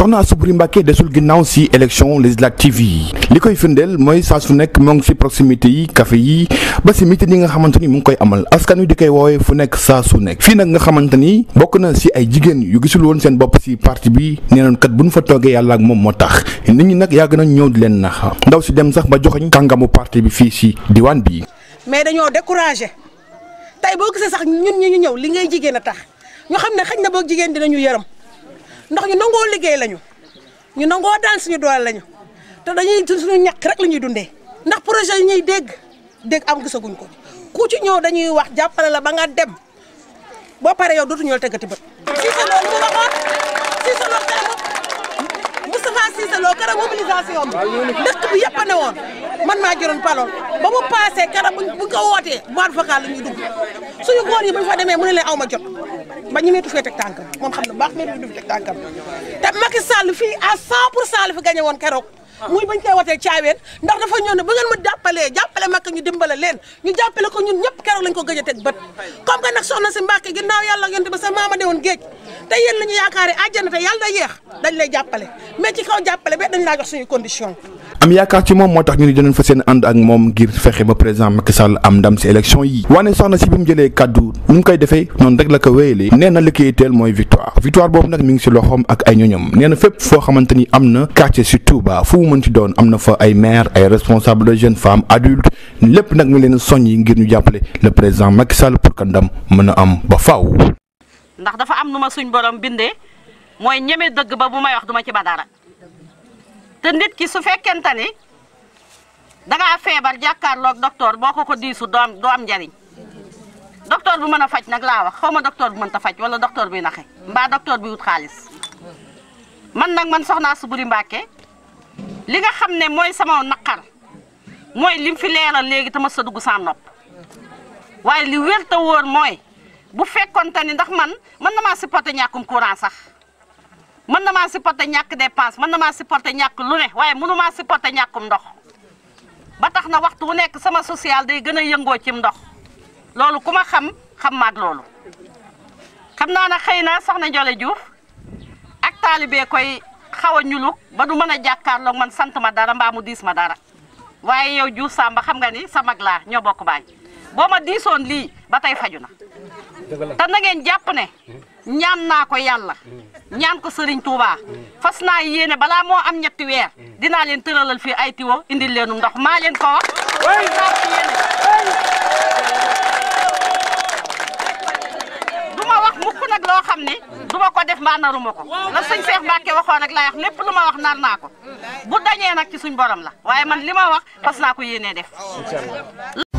soxna Astou Boury Mbacké desul ginnaaw si élection législative yi li koy firndeel mooy saa su nekk moo ngi si proximité yi café yi ba si meeting yi nga xamante ni mu ngi koy amal askan wi di koy woowee fu nekk saa su nekk fii nag nga xamante ni bokk na si ay jigéen yu gisul woon seen bopp si parti bi nee nañ kat bu ñu fa toogee yàlla ak moom moo tax nit ñi nag yàgg nañ ñëw di leen nax ndaw si dem sax ba joxoñ kàngamu parti bi fii si diwaan bi mais dañoo découragé tey boo gisee sax ñun ñi ñu li ngay jigéen a tax ñu ndax ñu nangoo liggéey lañu ñu nangoo daan suñu doole lañu te dañuy suñu ñàkk rek la ñuy dundee ndax projet yi ñuy dégg dégg am gisaguñ ko ku ci ñëw dañuy wax jàppale la ba nga dem boo paree yow dootuñu la teggati bët paloo keroog mobilisation bi dëkk bi yëpp a ne woon man maa jëroon paloo ba mu paasee keroog bu ko wootee mois de vocal la ñuy dugg suñu góor fa demee mu ne aw ma jot ba ñu meetu fee teg tànkam moom xam na baax meetu fee tànkam te Macky Sall fii à 100 pour cent la fi gagné woon keroog. muy bañ koy watee caaween ndax dafa ñëw ba ngeen ma jàppalee jàppale makka ñu dimbale leen ñu jàppale ko ñun ñëpp keroog lañ ko gëj a teg bët comme que nag soxna si Mbàkke ginnaaw yàlla yonent ba sa maama géej te yéen la ñu yaakaare àjjana te yàlla yeex dañ lay jàppale mais ci kaw jàppale ba dañ laa jox suñu condition am yaakaar ci moom moo tax ñu ni dinañ fa seen ànd ak moom ngir fexe ba président Macky Sall am ndam si élection yi waane soxna si bi mu jëlee kàddu nu mu koy defee noonu rek la ko wéyalee nee na li koy itteel mooy boobu nag mi ngi si loxoom ak ay ñoñom fépp foo xamante ni am na quartier si mën ci doon am na fa ay maire ay responsable de jeune femmes adultes lépp nag mu leen soñ yi ngir ñu jàppale le président Macky Sall pour que mën a am ba faaw. ndax dafa am nu ma suñ borom bindee mooy ñeme dëgg ba bu may wax duma ci ba dara te nit ki su fekkente ni dangaa feebar jàkkaarloog docteur boo ko ko diisu doo am doo am njariñ docteur bu mën a faj nag laa wax xaw ma docteur bu mënta ta faj wala docteur bi naxe mbaa docteur bi wut xaalis man nag man soxnaa Souboury Mbacké li nga xam ne mooy sama naqar mooy lim fi leeral léegi tama sa dugg saa nopp waaye li wér te mooy bu fekkonte ni ndax man mën na maa supporter ñàkkum courant sax mën na maa supporter ñàkk dépense mën na maa supporter ñàkk lu ne waaye mënu maa supporter ñàkkum ndox ba tax na waxtu wu nekk sama social day gën a yëngoo cim ndox loolu ku ma xam xam maag loolu xam naa ne xëy na soxna Ndiolé Diouf ak taalibe koy xaw a ñuluk ba du mën a jàkkaarloog man sant ma dara mbaa mu diis ma dara waaye yow Diouf Samba xam nga ni sa mag laa ñoo bokk baay boo ma diisoon lii ba tey faju na te na ngeen jàpp ne ñaan naa ko yàlla ñaan ko Serigne Touba fas naa yéene balaa moo am ñetti weer dinaa leen tëralal fii ay tiwo indi leenu ndox maa leen ko wax mbaa naruma ko la sëñ Cheikh Mbacke waxoon rek laay wax lépp lu ma wax nar naa ko bu dañee nag ci suñ borom la waaye man li ma wax fas naa ko yéenee def